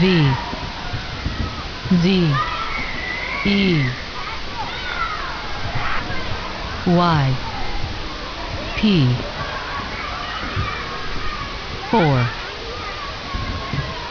V Z E Y P 4